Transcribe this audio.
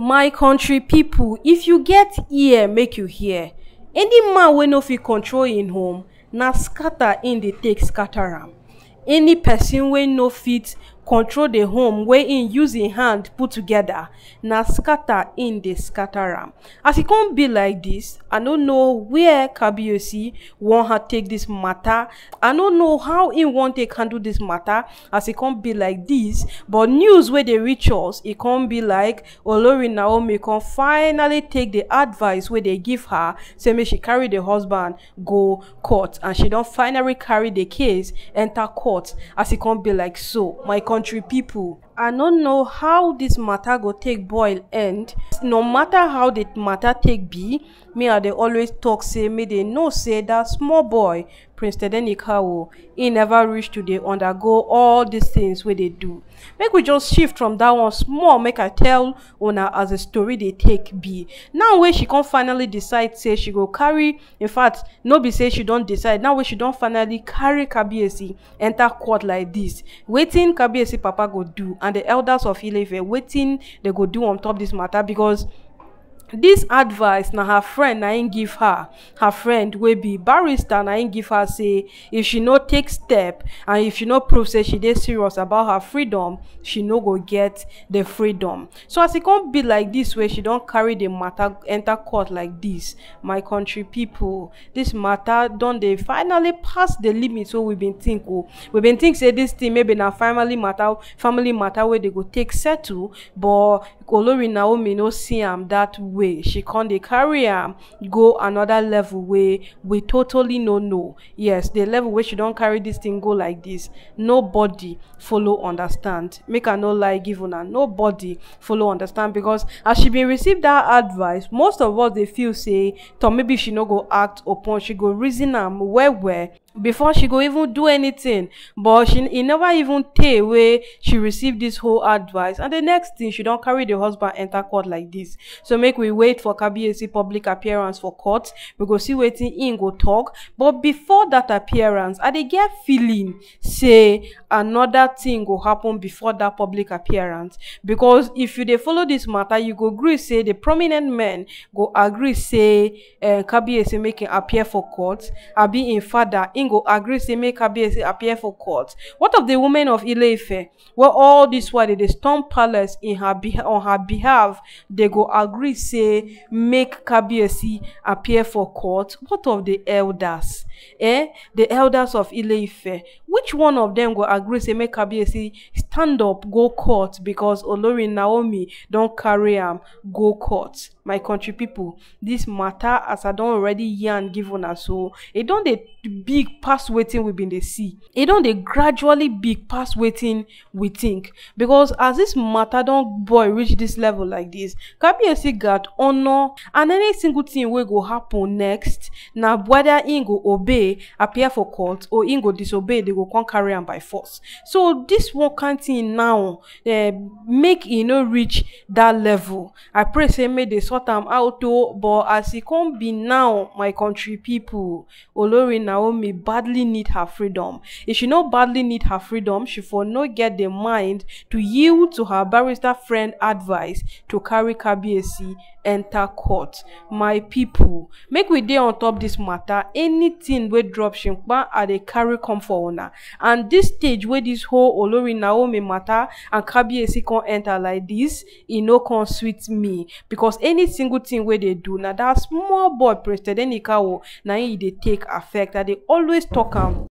my country pipo if you get ear make you hear any man wey no fit control im home na scatter im dey take scatter am any pesin wey no fit control the home wey im use im hand put together na scatter im dey scatter am as e come be like this, i no know where kabiyesi wan take this matter i no know how im wan take handle this matter as e come be like this, but news wey dey reach us e come be like olori naomi come finally take the advice wey dey give her say make she carry the husband go court and she don finally carry the case enter court as e come be like so my con. country people i no know how this matter go take boil end no matter how di matter take be me i dey always talk say make they know say that small boy prince tedenikawo he never reach to dey undergo all these things wey dey do make we just shift from that one small make i tell una as di story dey take be now wey she come finally decide say she go carry in fact no be say she don decide now wey she don finally carry kabiesi enter court like this. wetin kabiesi papa go do and and the elders of Ilefe waiting they go do on top this matter because This advice na her friend na im give her her friend wey be barrister na im give her say if she no take step and if she no prove say she dey serious about her freedom she no go get the freedom so as e come be like this wey she don carry the matter enter court like this. my country people, this matter don dey finally pass the limit wey we bin think o oh. we bin think say this thing maybe na family matter family matter wey dey go take settle but olori naomi no see am that way way she con dey carry am go another level wey we totally no know yes the level wey she don carry this thing go like dis nobody follow understand make i no lie give una nobody follow understand because as she been receive that advice most of us dey feel say tom maybe she no go act upon she go reason am well well before she go even do anything but she e never even tey wey she receive this whole advice and the next thing she don carry the husband enter court like this. so make we wait for kabiyesi public appearance for court we go see wetin im go talk but before that appearance i dey get feeling say another thing go happen before that public appearance because if you dey follow this matter you go gree say the prominent men go agree say uh, kabiyesi make im appear for court abi im father im go agree say make kabiyesi appear for court what of the women of ile-ife all this while dey dey storm palace in her on her behalf they go agree say make kabiyesi appear for court what of the elders eh the elders of ile which one of them go agree say make kabiyesi stand up go court because olori naomi don carry am go court my country pipo dis mata as i don already yarn give una so e don dey big pass wetin we bin dey see e don dey gradually big pass wetin we think because as dis mata don boil reach dis level like dis kabiyesi gats honour and any single tin wey go happen next na weda im go obey appear for court or im go disobey dey go come carry am by force so dis one kind thing now eh, make e no reach that level i pray say make they sort am out o but as e come be now my country people, olori naomi badly need her freedom if she no badly need her freedom she for no get the mind to yield to her barrister friend advice to carry kabiyesi enter court my people, make we dey on top dis mata anytin wey drop shimpa i dey carry come for una and dis stage wey dis whole olori naomi come matter and Kabi, kabiyesi come enter like this e no come sweet me because any single thing wey dey do na that small boy president enikawo na him e dey take affect i dey always talk am